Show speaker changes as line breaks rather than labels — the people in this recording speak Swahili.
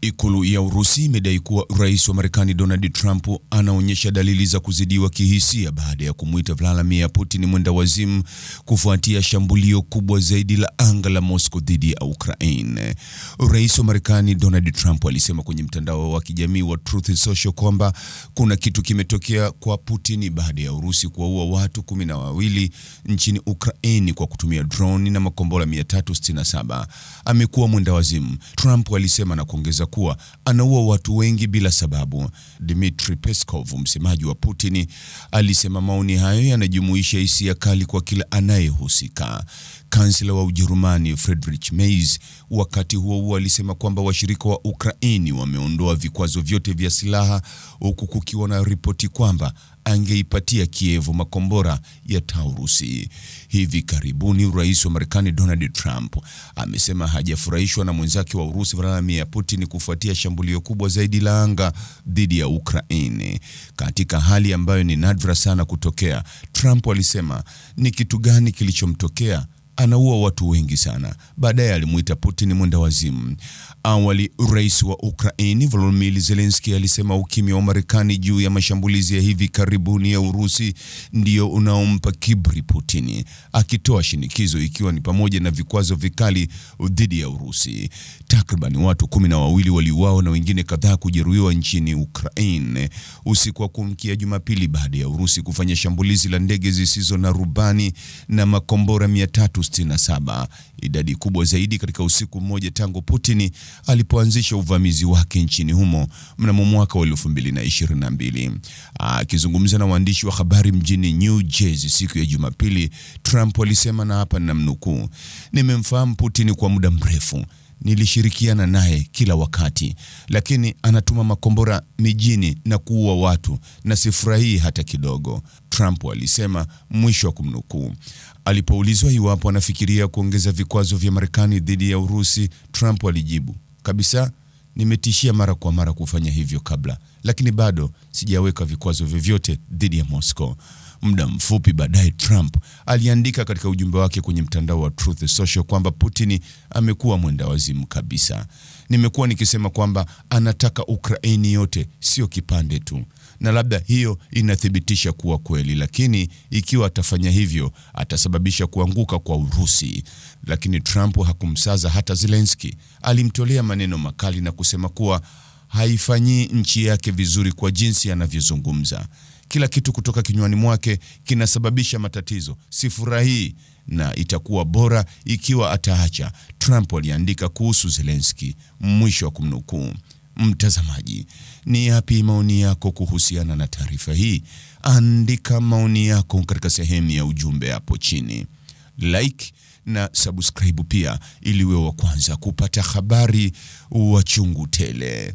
Ikulu ya Urusi imedai kuwa Rais wa Marekani Donald Trump anaonyesha dalili za kuzidiwa kihisia baada ya kumwita Vladimir Putin mwenda wazimu kufuatia shambulio kubwa zaidi la anga la Moscow dhidi ya Ukraine. Rais wa Marekani Donald Trump alisema kwenye mtandao wa kijamii wa Truth Social kwamba kuna kitu kimetokea kwa Putin baada ya Urusi kuwaua watu kumi na wawili nchini Ukraine kwa kutumia drone na makombora 367. Amekuwa mwenda wazimu, Trump alisema na kuongeza kuwa anaua watu wengi bila sababu. Dmitry Peskov, msemaji wa Putin, alisema maoni hayo yanajumuisha hisia kali kwa kila anayehusika. Kansela wa Ujerumani Friedrich Merz wakati huo huo alisema kwamba washirika wa Ukraini wameondoa vikwazo vyote vya silaha huku kukiwa na ripoti kwamba angeipatia Kievu makombora ya Taurusi. Hivi karibuni rais wa Marekani Donald Trump amesema hajafurahishwa na mwenzake wa Urusi Vladimir Putin kufuatia shambulio kubwa zaidi la anga dhidi ya Ukraine, katika hali ambayo ni nadra sana kutokea. Trump alisema ni kitu gani kilichomtokea anaua watu wengi sana. Baadaye alimuita Putin mwenda wazimu. Awali rais wa Ukraini Volodymyr Zelensky alisema ukimya wa Marekani juu ya mashambulizi ya hivi karibuni ya Urusi ndio unaompa kiburi Putin, akitoa shinikizo ikiwa ni pamoja na vikwazo vikali dhidi ya Urusi. Takriban watu kumi na wawili waliuawa na wengine kadhaa kujeruhiwa nchini Ukraine usiku wa kuamkia Jumapili baada ya Urusi kufanya shambulizi la ndege zisizo na rubani na makombora mia tatu 67, idadi kubwa zaidi katika usiku mmoja tangu Putin alipoanzisha uvamizi wake nchini humo mnamo mwaka wa 2022. Akizungumza na waandishi wa habari mjini New Jersey siku ya Jumapili, Trump alisema na hapa ninamnukuu, nimemfahamu Putin kwa muda mrefu nilishirikiana naye kila wakati, lakini anatuma makombora mijini na kuua watu na sifurahii hata kidogo, Trump alisema, mwisho wa kumnukuu. Alipoulizwa iwapo anafikiria kuongeza vikwazo vya Marekani dhidi ya Urusi, Trump alijibu kabisa, nimetishia mara kwa mara kufanya hivyo kabla, lakini bado sijaweka vikwazo vyovyote dhidi ya Moscow. Muda mfupi baadaye, Trump aliandika katika ujumbe wake kwenye mtandao wa Truth Social kwamba Putin amekuwa mwendawazimu kabisa. Nimekuwa nikisema kwamba anataka Ukraini yote, sio kipande tu, na labda hiyo inathibitisha kuwa kweli, lakini ikiwa atafanya hivyo atasababisha kuanguka kwa Urusi. Lakini Trump hakumsaza hata Zelensky, alimtolea maneno makali na kusema kuwa haifanyii nchi yake vizuri kwa jinsi anavyozungumza. Kila kitu kutoka kinywani mwake kinasababisha matatizo. Sifurahii na itakuwa bora ikiwa ataacha, Trump aliandika kuhusu Zelensky, mwisho wa kumnukuu. Mtazamaji, ni yapi maoni yako kuhusiana na taarifa hii? Andika maoni yako katika sehemu ya ujumbe hapo chini, like na subscribe pia, ili uwe wa kwanza kupata habari wa chungu tele.